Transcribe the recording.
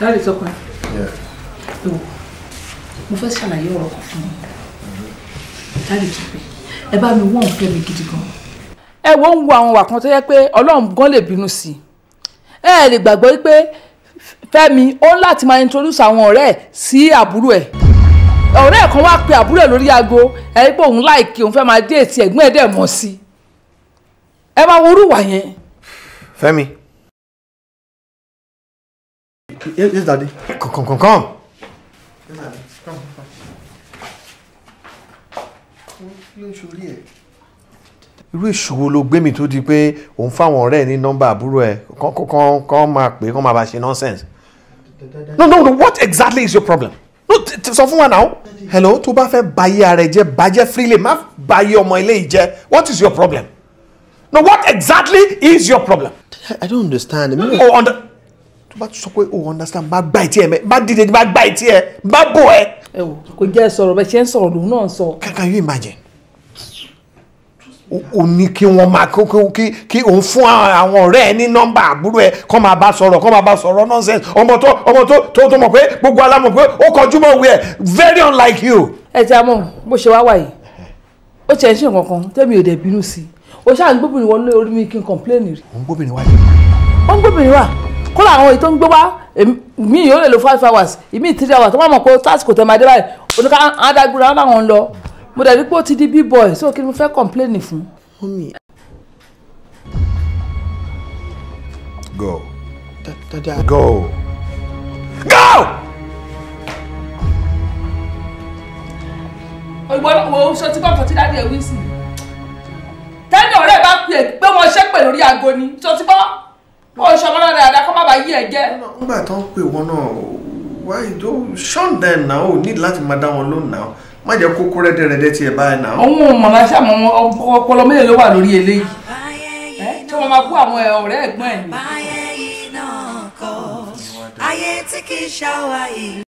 Dáre tọpẹ. Lò mo fẹ́ ṣàlàyé ọ̀rọ̀ kan fún yín. Dáre tọpẹ. Ẹ bá mi wọ́n nǹkan mi gidi gan. Ẹ wo ń wo àwọn wà kan tó yẹ pé Ọlọ́run gan lè bínú sí i. Ẹ lè gbàgbọ́ wípé Fẹ́mi ó ń láti máa introduce àwọn ọ̀rẹ́ ẹ̀ sí àbúrò ẹ̀. Ọ̀rẹ́ ẹ̀ kan wá pe àbúrò ẹ̀ lórí aago ẹ̀ pé òun láìkí òun fẹ́ máa dé ètí ẹ̀gbọ́n ẹ̀ dẹ̀ mọ̀ sí i ẹ máa wo orúwà yẹn. Fẹ́mi. yes daddy. come come come come. yes daddy come come. kí ló ń ṣorí ẹ. irú ìṣòro ló gbé mi tó di pé òun fáwọn ọ̀rẹ́ ẹ̀ ní nọ́mbà àbúrò ẹ̀ kán kán máa pè é kán máa bá ṣe nonsense. no no no what exactly is your problem? no sọ fún wa náà. hello tó bá fẹ́ bayé ara ẹ jẹ́ bàjẹ́ freely má bayé ọmọ ilé yìí jẹ́ what is your problem? Now what exactly is your problem? I don't understand. Oh, under tó bá sọ pé o oh, understand bá gbà ìtì ẹ bá dìde bá gbà ìtì ẹ bá bò ẹ. ẹ wò kò jẹ́ sọ̀rọ̀ bẹ́ẹ̀ ṣe ń sọ̀rọ̀ lòun náà sọ. can you imagine? o ní kí wọ́n máa kí kí òun fún àwọn ọ̀rẹ́ ẹ ní nọ́mbà àbúrò ẹ kọ́ máa bá sọ̀rọ̀ kọ́ máa bá sọ̀rọ̀ nonsense ọmọ tó ọmọ tó tó tó mọ̀ pé gbogbo alámọ̀ pé ó kọjú mọ́ wí ẹ very unlike you. ẹ ti àmọ́ bó ṣe wá wà yìí ó ti ẹ̀ ṣe nǹkan kan tẹ́mi ò dẹ̀ bínú sí i o ṣáà ń gbóbìnrin wọlé orí mi kí n kọ̀ǹpléènì rí. ó ń gbóbìnrin wá yìí. ó ń gbóbìnrin wá kọ́lá àwọn èyí ń gbé wá mi yóò lè lo five hours ìmí three hours tó mọ̀ pé tásìkò tẹ̀ máa dé báyìí oníkà adágbére àwọn lọ mo dẹ̀ pé ó ti di b-boy so kí ni mo fẹ́ kọ̀ǹpléènì fún. go go go. ìwọ ló wo sọtí kọkàn tí dáadé ẹ wí sí i tẹ́lẹ̀ ọ̀rẹ́ bá pè pé wọ́n ṣépè lórí aago ni tó ti gbọ́ oṣù ọmọ dáadáa kó má bàa yí ẹ jẹ. nígbà tó ń pè wọn náà why do shun them now o need láti máa dá wọn lóhùn náà má jẹ́ kókó rẹ́dẹ́rẹ́dẹ́ tí ẹ bá ẹ náà. òun ò mọ̀ máa ṣàmọ́ ọpọlọ mélòó ló wà lórí eléyìí tí wọ́n máa kó àwọn ọ̀rẹ́ ẹ̀gbọ́n ẹ̀ ni.